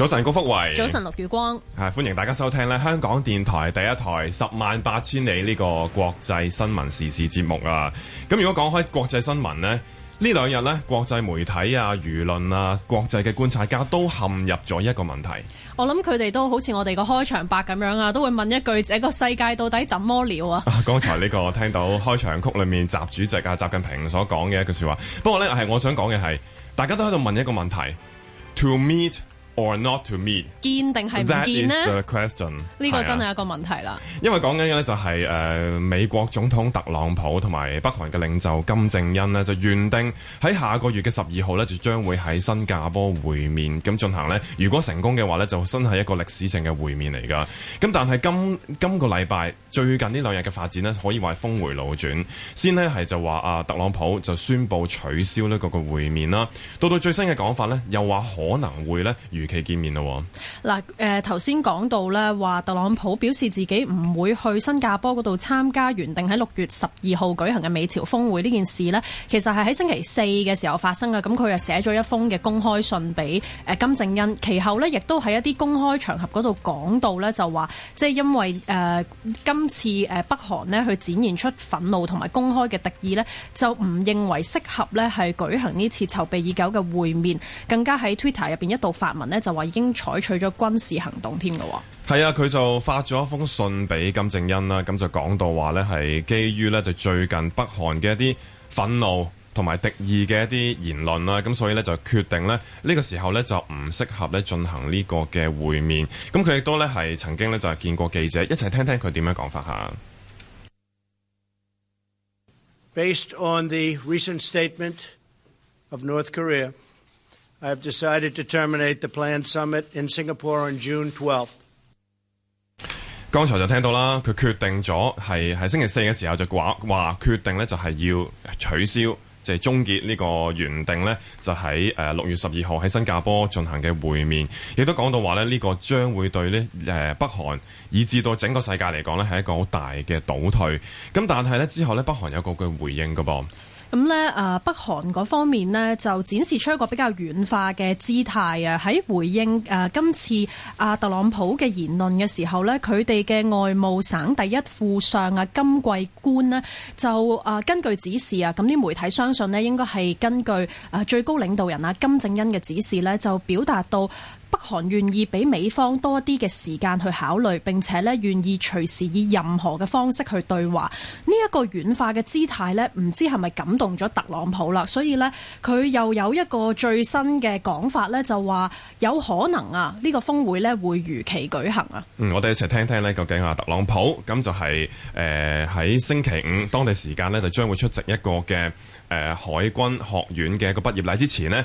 早晨，高福慧。早晨，陸月光。係、啊、歡迎大家收聽咧香港電台第一台十萬八千里呢個國際新聞時事節目啊！咁、啊、如果講開國際新聞呢，呢兩日呢，國際媒體啊、輿論啊、國際嘅觀察家都陷入咗一個問題。我諗佢哋都好似我哋個開場白咁樣啊，都會問一句：這個世界到底怎麼了啊，啊？剛才呢個聽到開場曲裏面習主席啊，習近平所講嘅一句說話。不過呢，係我想講嘅係，大家都喺度問一個問題：to meet。or not to meet，見定係唔見咧？呢個真係一個問題啦、啊。因為講緊嘅呢就係、是、誒、呃、美國總統特朗普同埋北韓嘅領袖金正恩呢就原定喺下個月嘅十二號呢，就將會喺新加坡會面，咁進行呢，如果成功嘅話呢，就真係一個歷史性嘅會面嚟噶。咁但係今今個禮拜最近呢兩日嘅發展呢，可以話係峰回路轉，先呢係就話啊特朗普就宣布取消呢嗰個會面啦。到到最新嘅講法呢，又話可能會呢。如期見面咯。嗱、呃，誒頭先講到咧，話特朗普表示自己唔會去新加坡嗰度參加原定喺六月十二號舉行嘅美朝峰會呢件事咧，其實係喺星期四嘅時候發生嘅。咁佢又寫咗一封嘅公開信俾誒金正恩，其後咧亦都喺一啲公開場合嗰度講到咧，就話即係因為誒、呃、今次誒北韓咧去展現出憤怒同埋公開嘅敵意咧，就唔認為適合咧係舉行呢次籌備已久嘅會面，更加喺 Twitter 入邊一度發文。咧就話已經採取咗軍事行動添㗎，係啊，佢就發咗一封信俾金正恩啦，咁就講到話呢係基於呢，就最近北韓嘅一啲憤怒同埋敵意嘅一啲言論啦，咁所以呢，就決定呢，呢個時候呢，就唔適合呢進行呢個嘅會面，咁佢亦都呢係曾經呢，就係見過記者，一齊聽聽佢點樣講法下。Based on the recent statement of North Korea, I have decided to terminate the planned summit in Singapore on June 12th. 剛才就聽到啦，佢決定咗係喺星期四嘅時候就話話決定呢，就係要取消，即係終結呢個原定呢，就喺誒六月十二號喺新加坡進行嘅會面。亦都講到話呢，呢個將會對呢誒北韓以至到整個世界嚟講呢係一個好大嘅倒退。咁但係呢，之後呢，北韓有個句回應㗎噃。咁咧，誒北韓嗰方面呢，就展示出一個比較軟化嘅姿態啊！喺回應誒今次阿特朗普嘅言論嘅時候呢，佢哋嘅外務省第一副相啊金桂官呢，就誒根據指示啊，咁啲媒體相信咧，應該係根據誒最高領導人啊金正恩嘅指示呢，就表達到。北韓願意俾美方多啲嘅時間去考慮，並且咧願意隨時以任何嘅方式去對話。呢、這、一個軟化嘅姿態呢，唔知係咪感動咗特朗普啦？所以呢，佢又有一個最新嘅講法呢就話有可能啊，呢個峰會呢會如期舉行啊。嗯，我哋一齊聽聽呢究竟啊特朗普咁就係誒喺星期五當地時間呢，就將會出席一個嘅誒、呃、海軍學院嘅一個畢業禮之前呢。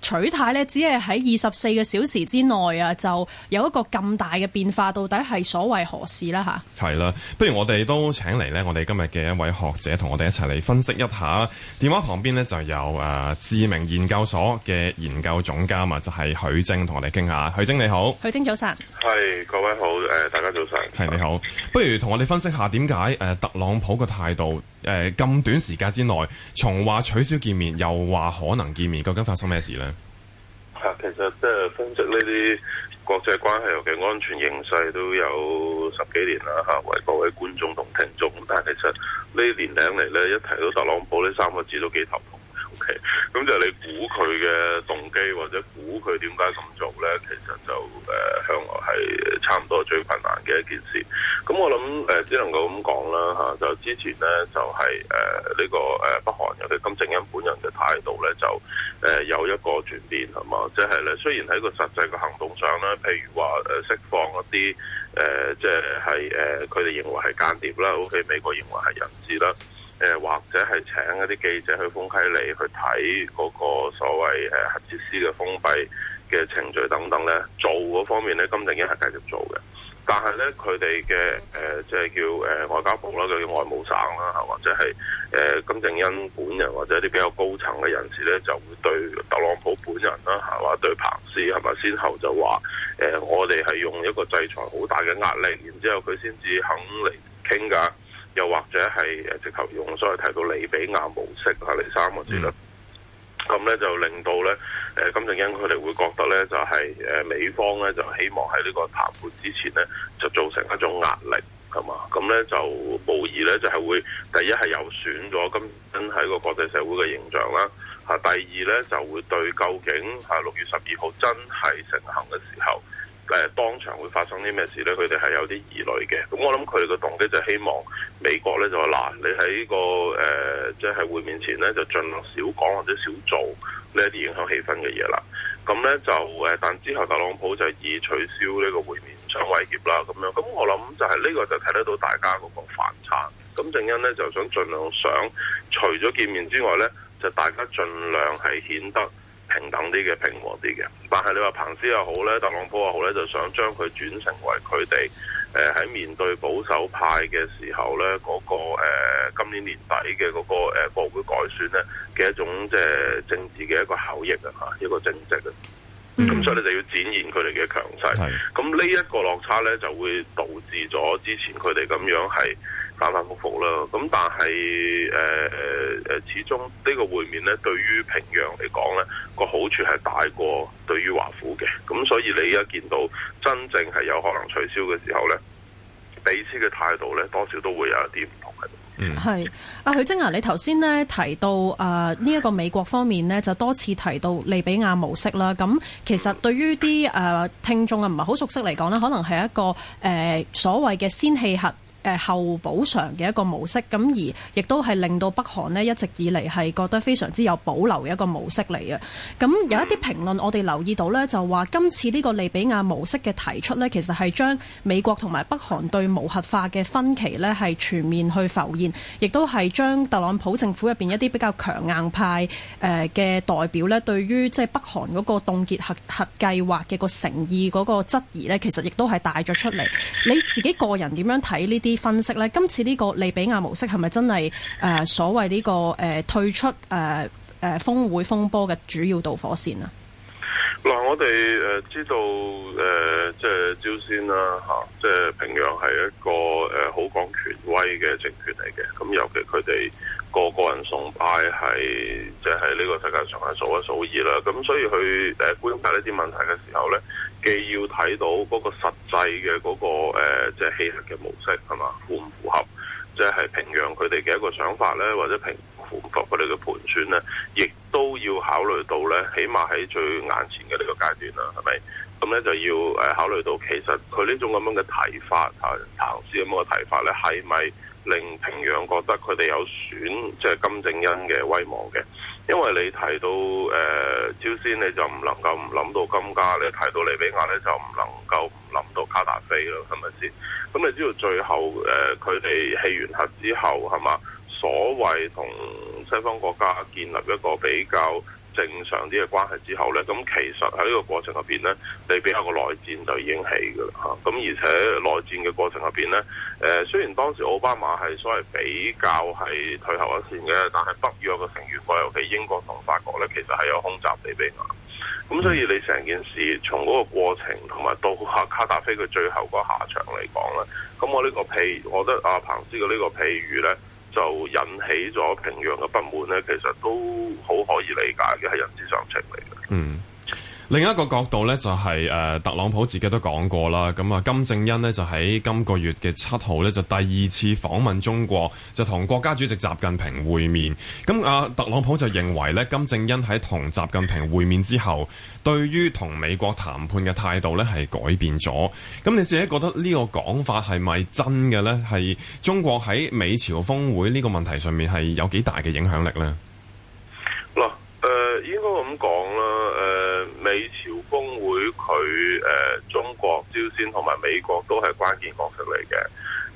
取態咧，只係喺二十四個小時之內啊，就有一個咁大嘅變化，到底係所為何事啦？吓，係啦，不如我哋都請嚟呢，我哋今日嘅一位學者，同我哋一齊嚟分析一下。電話旁邊呢，就有誒智、呃、明研究所嘅研究總監啊，就係、是、許楨，同我哋傾下。許楨你好，許楨早晨，係各位好，誒、呃、大家早晨，係你好。不如同我哋分析下點解誒特朗普嘅態度？誒，咁、呃、短時間之內，從話取消見面，又話可能見面，究竟發生咩事呢？吓、啊，其實即係分析呢啲國際關係嘅安全形勢都有十幾年啦，吓、啊、為各位觀眾同聽眾。但係其實呢年齡嚟呢，一提到特朗普呢三個字都幾頭痛。咁、okay. 就你估佢嘅動機或者估佢點解咁做咧？其實就誒向來係差唔多最困難嘅一件事。咁我諗誒、呃、只能夠咁講啦嚇。就之前咧就係誒呢個誒、呃、北韓，尤其金正恩本人嘅態度咧就誒、呃、有一個轉變係嘛，即係咧雖然喺個實際嘅行動上咧，譬如話誒釋放一啲誒即係誒佢哋認為係間諜啦，OK，美國認為係人質啦。誒或者係請一啲記者去豐溪里去睇嗰個所謂誒核設施嘅封閉嘅程序等等咧，做嗰方面咧，金正恩係繼續做嘅。但係咧，佢哋嘅誒即係叫誒外交部啦，叫，叫外務省啦，係話即係誒金正恩本人或者啲比較高層嘅人士咧，就會對特朗普本人啦，係話對彭斯係咪先後就話誒、呃，我哋係用一個制裁好大嘅壓力，然之後佢先至肯嚟傾㗎。又或者係誒直頭用，所謂提到利比亞模式啊，嚟三個字啦。咁咧、嗯、就令到咧誒金正恩佢哋會覺得咧就係誒美方咧就希望喺呢個談判之前咧就造成一種壓力，係嘛？咁咧就無疑咧就係會第一係有損咗今真係個國際社會嘅形象啦。嚇，第二咧就會對究竟嚇六月十二號真係成行嘅時候。誒當場會發生啲咩事咧？佢哋係有啲疑慮嘅。咁我諗佢哋嘅動機就希望美國咧就嗱，你喺呢個誒即係會面前咧就盡量少講或者少做呢一啲影響氣氛嘅嘢啦。咁咧就誒，但之後特朗普就以取消呢個會面相威脅啦。咁樣咁我諗就係呢個就睇得到大家嗰個反差。咁正因咧就想儘量想除咗見面之外咧，就大家儘量係顯得，平等啲嘅，平和啲嘅，但係你話彭斯又好咧，特朗普又好咧，就想將佢轉成為佢哋誒喺面對保守派嘅時候咧，嗰、那個誒、呃、今年年底嘅嗰、那個誒國會改選咧嘅一種即係、呃、政治嘅一個效益啊，一個政績啊。咁、mm hmm. 所以你就要展現佢哋嘅強勢。咁呢一個落差咧，就會導致咗之前佢哋咁樣係。反反復覆啦，咁但係誒誒，始終呢個會面咧，對於平壤嚟講咧，個好處係大過對於華府嘅，咁所以你而家見到真正係有可能取消嘅時候呢，彼此嘅態度呢，多少都會有一啲唔同嘅。嗯，係阿許楨啊，你頭先呢提到啊呢一個美國方面呢，就多次提到利比亞模式啦。咁其實對於啲誒、呃、聽眾啊，唔係好熟悉嚟講呢，可能係一個誒、呃、所謂嘅先棄核，誒後補償嘅一個模式，咁而亦都係令到北韓呢，一直以嚟係覺得非常之有保留嘅一個模式嚟嘅。咁有一啲評論，我哋留意到呢就話今次呢個利比亞模式嘅提出呢，其實係將美國同埋北韓對無核化嘅分歧呢係全面去浮現，亦都係將特朗普政府入邊一啲比較強硬派誒嘅代表呢，對於即係北韓嗰個凍結核核計劃嘅個誠意嗰個質疑呢，其實亦都係帶咗出嚟。你自己個人點樣睇呢啲？啲分析咧，今次呢個利比亞模式係咪真係誒、呃、所謂呢、這個誒退、呃、出誒誒峯會風波嘅主要導火線、呃、啊？嗱，我哋誒知道誒，即係朝鮮啦嚇，即係平壤係一個誒、呃、好講權威嘅政權嚟嘅，咁、嗯、尤其佢哋個個人崇拜係即係呢個世界上係數一數二啦，咁、啊嗯、所以佢誒、呃、觀察呢啲問題嘅時候咧。呢既要睇到嗰個實際嘅嗰、那個、呃、即係棄核嘅模式係嘛符唔符合，即係平壤佢哋嘅一個想法咧，或者評符唔符合佢哋嘅盤算咧，亦都要考慮到咧，起碼喺最眼前嘅呢個階段啦，係咪？咁、嗯、咧就要誒考慮到其實佢呢種咁樣嘅提法啊，投資咁嘅提法咧，係咪？令平壤覺得佢哋有損，即係金正恩嘅威望嘅。因為你提到誒、呃、朝鮮，你就唔能夠唔諗到金家；你提到利比亞你就唔能夠唔諗到卡達菲咯，係咪先？咁、嗯、你知道最後誒佢哋棄完核之後，係嘛？所謂同西方國家建立一個比較正常啲嘅關係之後呢，咁其實喺呢個過程入邊呢，利比亞個內戰就已經起噶啦嚇，咁而且內戰嘅過程入邊呢，誒雖然當時奧巴馬係所謂比較係退後一線嘅，但係北約嘅成員國尤其英國同法國呢，其實係有空襲利比亞，咁所以你成件事從嗰個過程同埋到下卡達菲佢最後嗰下場嚟講呢，咁我呢個譬，我覺得阿彭斯講呢個譬喻呢。就引起咗平壤嘅不滿咧，其實都好可以理解嘅，係人之常情嚟嘅。嗯。另一個角度呢、就是，就係誒特朗普自己都講過啦。咁啊，金正恩呢，就喺今個月嘅七號呢，就第二次訪問中國，就同國家主席習近平會面。咁、嗯、啊，特朗普就認為呢金正恩喺同習近平會面之後，對於同美國談判嘅態度呢，係改變咗。咁、嗯、你自己覺得呢個講法係咪真嘅呢？係中國喺美朝峯會呢個問題上面係有幾大嘅影響力呢？嗱、呃，誒應該咁講。美朝峰會佢誒、呃、中國朝鮮同埋美國都係關鍵角色嚟嘅，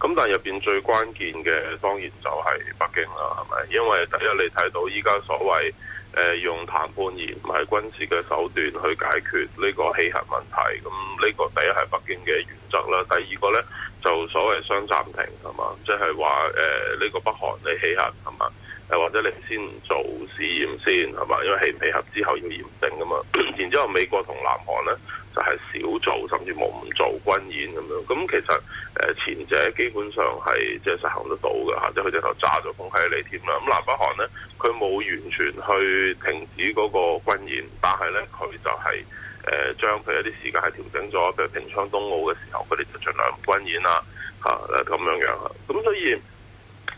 咁但係入邊最關鍵嘅當然就係北京啦，係咪？因為第一你睇到依家所謂誒、呃、用談判而唔係軍事嘅手段去解決呢個棄核問題，咁呢個第一係北京嘅原則啦。第二個呢，就所謂雙暫停係嘛，即係話誒呢個北韓你棄核係嘛。又或者你先做試驗先係嘛？因為起唔配合之後要驗證噶嘛。然之後美國同南韓咧就係、是、少做甚至冇做軍演咁樣。咁、嗯、其實誒前者基本上係即係實行得到嘅嚇、啊，即係佢哋頭炸咗風喺你添啦。咁、嗯、南北韓咧佢冇完全去停止嗰個軍演，但係咧佢就係誒將佢如一啲時間係調整咗，譬如平昌冬奧嘅時候，佢哋就儘量唔軍演啊嚇咁、啊、樣樣。咁、啊、所以。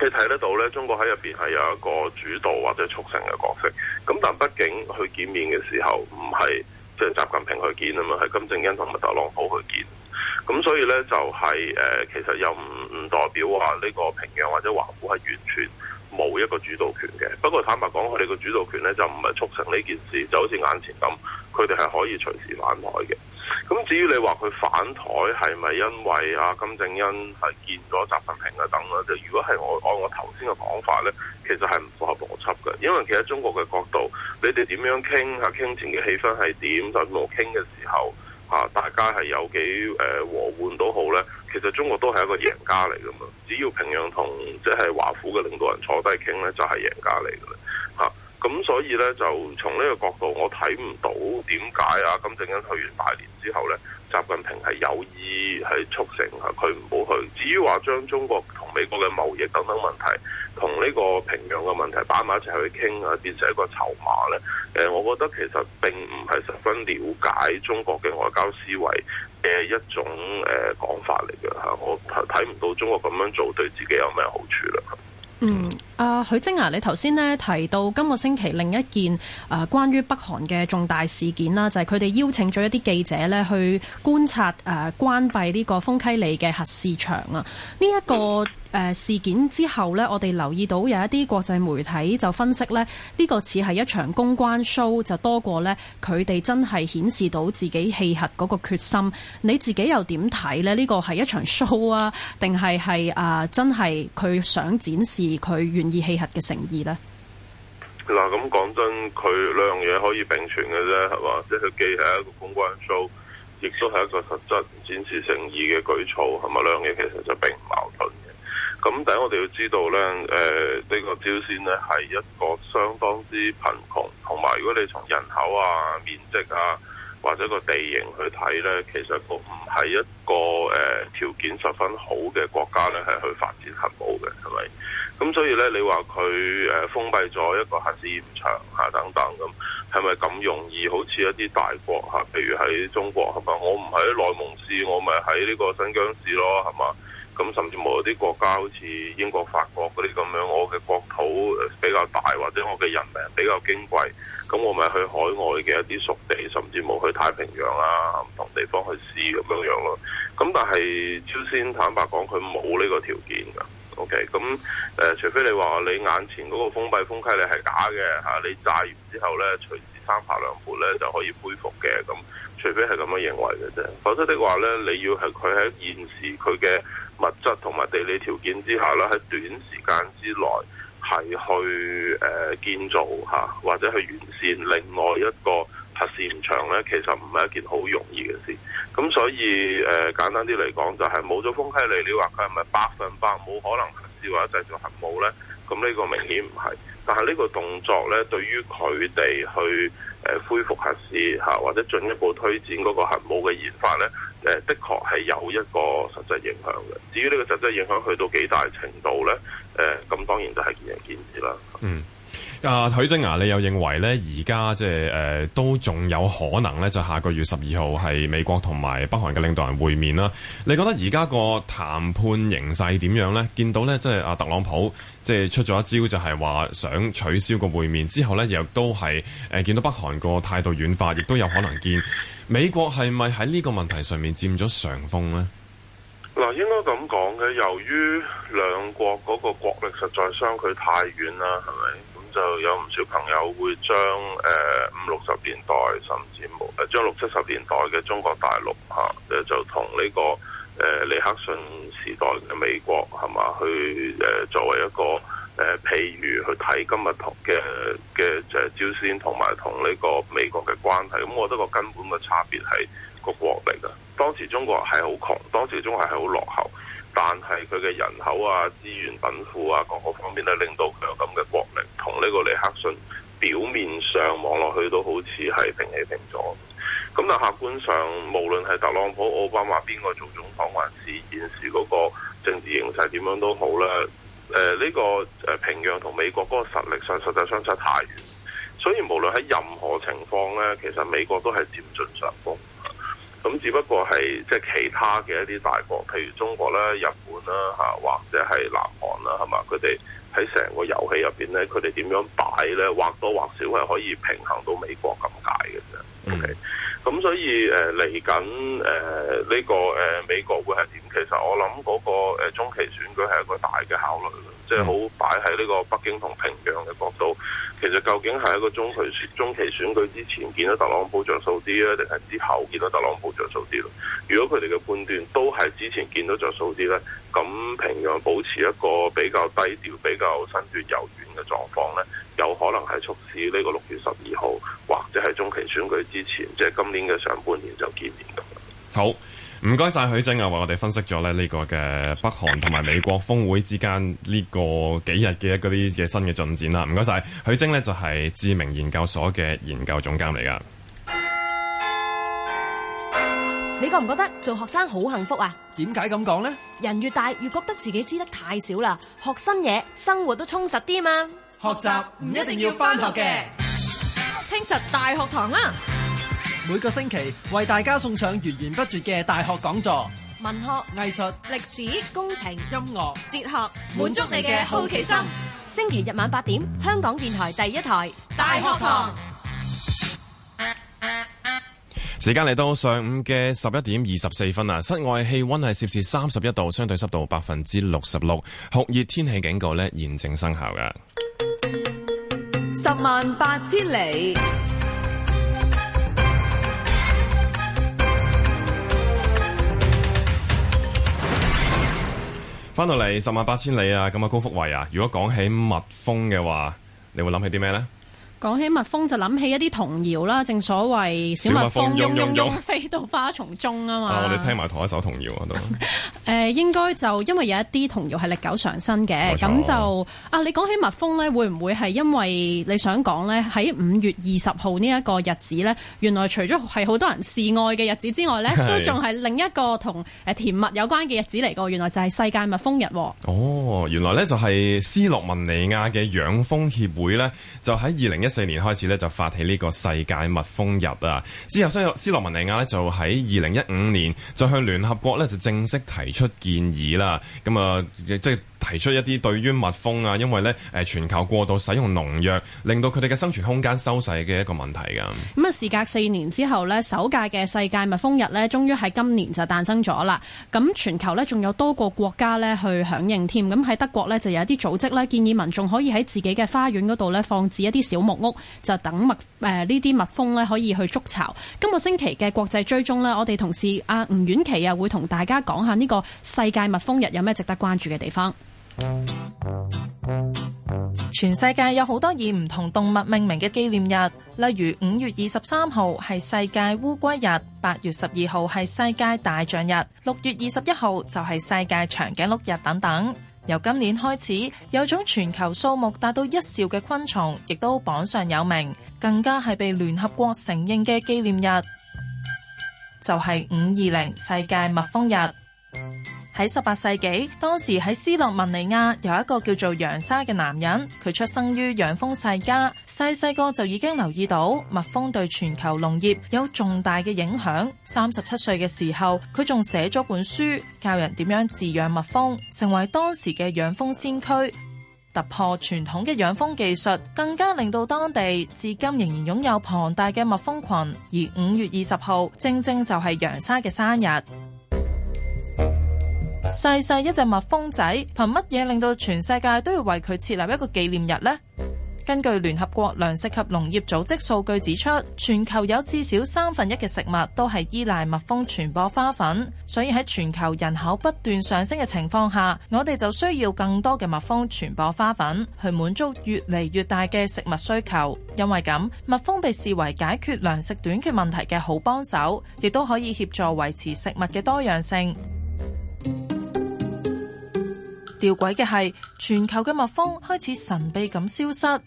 你睇得到咧，中國喺入邊係有一個主導或者促成嘅角色。咁但畢竟去見面嘅時候，唔係即係習近平去見，吖嘛，係金正恩同埋特朗普去見。咁所以咧就係、是、誒、呃，其實又唔代表話呢個平壤或者華府係完全冇一個主導權嘅。不過坦白講，佢哋個主導權咧就唔係促成呢件事，就好似眼前咁，佢哋係可以隨時反枱嘅。咁至於你話佢反台係咪因為阿金正恩係見過習近平啊等咧？就如果係我按我頭先嘅講法呢，其實係唔符合邏輯嘅，因為其實中國嘅角度，你哋點樣傾啊，傾前嘅氣氛係點，同埋傾嘅時候嚇，大家係有幾誒、呃、和緩都好呢，其實中國都係一個贏家嚟噶嘛。只要平壤同即係華府嘅領導人坐低傾呢，就係、是、贏家嚟嘅。咁所以咧，就從呢個角度，我睇唔到點解啊，金正恩去完大連之後咧，習近平係有意係促成啊，佢唔好去。至於話將中國同美國嘅貿易等等問題，同呢個平壤嘅問題擺埋一齊去傾啊，變成一個籌碼咧。誒，我覺得其實並唔係十分了解中國嘅外交思維嘅一種誒講法嚟嘅嚇。我睇唔到中國咁樣做對自己有咩好處啦。嗯。啊，許、呃、楨啊，你頭先咧提到今個星期另一件啊、呃，關於北韓嘅重大事件啦，就係佢哋邀請咗一啲記者咧去觀察誒、呃、關閉呢個豐溪里嘅核試場啊。呢、這、一個誒、呃、事件之後咧，我哋留意到有一啲國際媒體就分析咧，呢、這個似係一場公關 show，就多過咧佢哋真係顯示到自己棄核嗰個決心。你自己又點睇咧？呢、這個係一場 show 啊，定係係啊真係佢想展示佢以棄核嘅誠意呢，嗱咁講真，佢兩樣嘢可以並存嘅啫，係嘛？即係既係一個公關 show，亦都係一個實質展示誠意嘅舉措，係嘛？兩樣嘢其實就並唔矛盾嘅。咁第一，我哋要知道呢，誒、呃、呢、這個朝鮮呢係一個相當之貧窮，同埋如果你從人口啊、面積啊。或者個地形去睇呢，其實個唔係一個誒條、呃、件十分好嘅國家咧，係去發展核武嘅，係咪？咁所以呢，你話佢誒封閉咗一個核試驗場吓等等咁，係咪咁容易？好似一啲大國吓，譬如喺中國吓嘛，我唔喺內蒙市，我咪喺呢個新疆市咯，係嘛？咁甚至冇有啲國家好似英國、法國嗰啲咁樣，我嘅國土比較大，或者我嘅人民比較矜貴，咁我咪去海外嘅一啲屬地，甚至冇去太平洋啊、唔同地方去試咁樣樣咯。咁但係朝鮮坦白講，佢冇呢個條件㗎。OK，咁誒、呃，除非你話你眼前嗰個封閉豐溪你係假嘅嚇、啊，你炸完之後呢，隨時三拍兩撥呢就可以恢復嘅。咁除非係咁樣認為嘅啫，否則的話呢，你要係佢喺現時佢嘅。物質同埋地理條件之下咧，喺短時間之內係去誒建造嚇，或者去完善另外一個核試場咧，其實唔係一件好容易嘅事。咁所以誒、呃、簡單啲嚟講，就係冇咗豐溪里，你話佢係咪百分百冇可能核試或者製造核武咧？咁呢個明顯唔係。但係呢個動作咧，對於佢哋去誒、呃、恢復核試嚇，或者進一步推展嗰個核武嘅研發咧，誒、呃，的確係有一個實際影響嘅。至於呢個實際影響去到幾大程度咧？誒、呃，咁、嗯、當然就係見仁見智啦。嗯。啊，許楨呀、啊，你又認為咧，而家即係誒都仲有可能咧，就下個月十二號係美國同埋北韓嘅領導人會面啦。你覺得而家個談判形勢點樣咧？見到咧，即係啊，特朗普即係出咗一招，就係話想取消個會面之後咧，又都係誒、呃、見到北韓個態度軟化，亦都有可能見美國係咪喺呢個問題上面佔咗上風咧？嗱，應該咁講嘅，由於兩國嗰個國力實在相距太遠啦，係咪？就有唔少朋友會將誒五六十年代甚至冇誒將六七十年代嘅中國大陸嚇誒就同呢、這個誒尼、呃、克遜時代嘅美國係嘛，去誒作為一個誒、呃、譬如去睇今日同嘅嘅誒朝鮮同埋同呢個美國嘅關係，咁我覺得個根本嘅差別係個國力啊。當時中國係好窮，當時中國係好落後。但係佢嘅人口啊、資源稟賦啊、各個方面咧，令到佢有咁嘅國力，同呢個尼克遜表面上望落去都好似係平起平坐。咁但客觀上，無論係特朗普、奧巴馬邊個做總統，還是現時嗰個政治形勢點樣都好咧。誒、呃、呢、呢個誒平壤同美國嗰個實力上實在相差太遠，所以無論喺任何情況呢，其實美國都係佔盡上風。咁只不過係即係其他嘅一啲大國，譬如中國啦、日本啦、啊、嚇，或者係南韓啦、啊，係嘛？佢哋喺成個遊戲入邊咧，佢哋點樣擺咧，或多或少係可以平衡到美國咁解嘅啫。OK，咁 Okay. 所以誒嚟緊誒呢個誒、呃、美國會係點？其實我諗嗰個中期選舉係一個大嘅考慮。嗯、即係好擺喺呢個北京同平壤嘅角度，其實究竟係一個中期選中期選舉之前見到特朗普着數啲啊，定係之後見到特朗普着數啲咯？如果佢哋嘅判斷都係之前見到着數啲咧，咁平壤保持一個比較低調、比較身段柔軟嘅狀況咧，有可能係促使呢個六月十二號或者係中期選舉之前，即係今年嘅上半年就見面咁。好。唔該晒許楨啊，為我哋分析咗咧呢個嘅北韓同埋美國峰會之間呢個幾日嘅一嗰啲嘅新嘅進展啦。唔該晒，許楨呢就係智明研究所嘅研究總監嚟㗎。你覺唔覺得做學生好幸福啊？點解咁講呢？人越大越覺得自己知得太少啦，學新嘢，生活都充實啲嘛。學習唔一定要返學嘅，聽實大學堂啦。每個星期為大家送上源源不絕嘅大學講座，文學、藝術術、歷史、工程、音樂樂、哲學，滿足你嘅好奇心。星期日晚八點，香港電台第一台大學堂。時間嚟到上午嘅十一點二十四分啊！室外氣溫係攝氏三十一度，相對濕度百分之六十六，酷熱天氣警告咧，現正生效嘅。十萬八千里。返到嚟十萬八千里啊，咁啊高福慧啊，如果講起蜜蜂嘅話，你會諗起啲咩咧？講起蜜蜂就諗起一啲童謠啦，正所謂小蜜蜂嗡嗡嗡飛到花叢中啊嘛。我哋、啊、聽埋同一首童謠啊都。誒、 呃，應該就因為有一啲童謠係歷久常新嘅。咁錯就啊，你講起蜜蜂咧，會唔會係因為你想講咧喺五月二十號呢一個日子咧，原來除咗係好多人示愛嘅日子之外咧，是都仲係另一個同誒甜蜜有關嘅日子嚟噶，原來就係世界蜜蜂日。哦，原來咧就係、哦哦、斯洛文尼亞嘅養蜂協會咧，就喺二零一。四年開始咧就發起呢個世界蜜蜂日啊，之後斯洛斯洛文尼亞呢，就喺二零一五年再向聯合國呢，就正式提出建議啦，咁啊即。提出一啲對於蜜蜂啊，因為咧誒全球過度使用農藥，令到佢哋嘅生存空間收細嘅一個問題嘅。咁啊，時隔四年之後呢，首屆嘅世界蜜蜂日呢，終於喺今年就誕生咗啦。咁全球呢，仲有多個國家呢去響應添。咁喺德國呢，就有一啲組織呢，建議民眾可以喺自己嘅花園嗰度呢放置一啲小木屋，就等蜜誒呢啲蜜蜂呢，呃、蜂可以去築巢。今個星期嘅國際追蹤呢，我哋同事阿吳沅琪啊，會同大家講下呢個世界蜜蜂日有咩值得關注嘅地方。全世界有好多以唔同動物命名嘅紀念日，例如五月二十三號係世界烏龜日，八月十二號係世界大象日，六月二十一號就係世界長頸鹿日等等。由今年開始，有種全球數目達到一兆嘅昆蟲，亦都榜上有名，更加係被聯合國承認嘅紀念日，就係五二零世界蜜蜂日。喺十八世紀，當時喺斯洛文尼亞有一個叫做楊莎嘅男人，佢出生於養蜂世家，細細個就已經留意到蜜蜂對全球農業有重大嘅影響。三十七歲嘅時候，佢仲寫咗本書教人點樣飼養蜜蜂，成為當時嘅養蜂先驅，突破傳統嘅養蜂技術，更加令到當地至今仍然擁有龐大嘅蜜蜂群。而五月二十號正正就係楊莎嘅生日。細細一隻蜜蜂仔，憑乜嘢令到全世界都要為佢設立一個紀念日呢？根據聯合國糧食及農業組織數據指出，全球有至少三分一嘅食物都係依賴蜜蜂傳播花粉，所以喺全球人口不斷上升嘅情況下，我哋就需要更多嘅蜜蜂傳播花粉去滿足越嚟越大嘅食物需求。因為咁，蜜蜂被視為解決糧食短缺問題嘅好幫手，亦都可以協助維持食物嘅多樣性。吊詭嘅係，全球嘅蜜蜂開始神秘咁消失。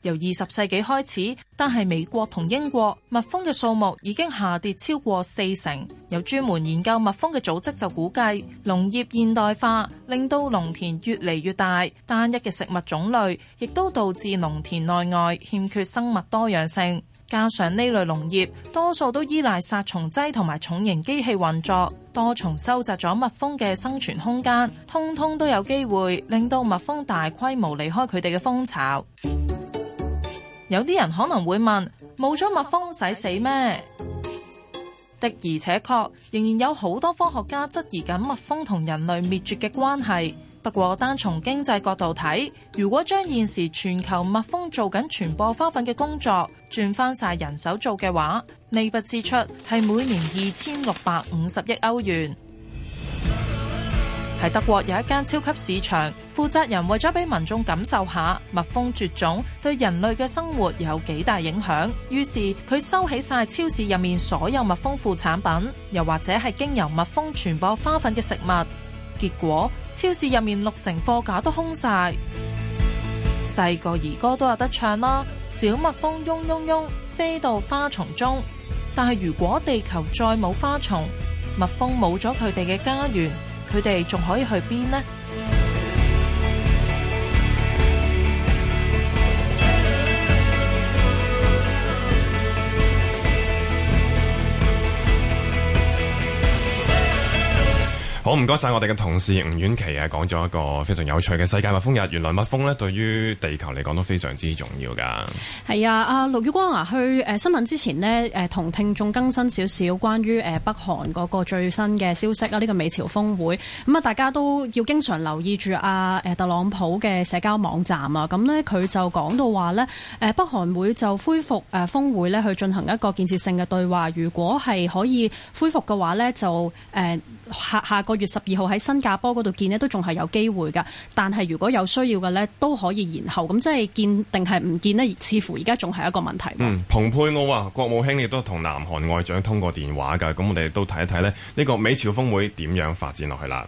由二十世紀開始，單係美國同英國，蜜蜂嘅數目已經下跌超過四成。有專門研究蜜蜂嘅組織就估計，農業現代化令到農田越嚟越大，單一嘅食物種類，亦都導致農田內外欠缺生物多樣性。加上呢類農業，多數都依賴殺蟲劑同埋重型機器運作，多重收窄咗蜜蜂嘅生存空間，通通都有機會令到蜜蜂大規模離開佢哋嘅蜂巢。 有啲人可能會問：冇咗蜜蜂使死咩？的而且確，仍然有好多科學家質疑緊蜜蜂同人類滅絕嘅關係。不過，單從經濟角度睇，如果將現時全球蜜蜂做緊傳播花粉嘅工作，轉翻晒人手做嘅話，彌補支出係每年二千六百五十億歐元。喺德國有一間超級市場，負責人為咗俾民眾感受下蜜蜂絕種對人類嘅生活有幾大影響，於是佢收起晒超市入面所有蜜蜂副產品，又或者係經由蜜蜂，蜂傳播花粉嘅食物。結果超市入面六成貨架都空晒，細個兒歌都有得唱啦。小蜜蜂嗡嗡嗡，飛到花叢中。但係如果地球再冇花叢，蜜蜂冇咗佢哋嘅家園，佢哋仲可以去邊呢？好，唔該晒我哋嘅同事吳沅琪啊，講咗一個非常有趣嘅世界蜜蜂日。原來蜜蜂咧，對於地球嚟講都非常之重要噶係啊，阿陸月光啊，去誒、呃、新聞之前咧，誒、呃、同聽眾更新少少關於誒、呃、北韓嗰個最新嘅消息啊呢、這個美朝峰會，咁、嗯、啊，大家都要經常留意住啊誒、呃、特朗普嘅社交網站啊。咁、嗯、咧，佢就講到話咧，誒、呃、北韓會就恢復誒、呃、峰會咧去進行一個建設性嘅對話。如果係可以恢復嘅話咧，就誒、呃、下下個。月十二號喺新加坡嗰度見呢，都仲係有機會噶。但係如果有需要嘅呢，都可以延後。咁即係見定係唔見呢？似乎而家仲係一個問題。嗯，蓬佩奧啊，國務卿亦都同南韓外長通過電話噶。咁我哋都睇一睇呢，呢個美朝峰會點樣發展落去啦。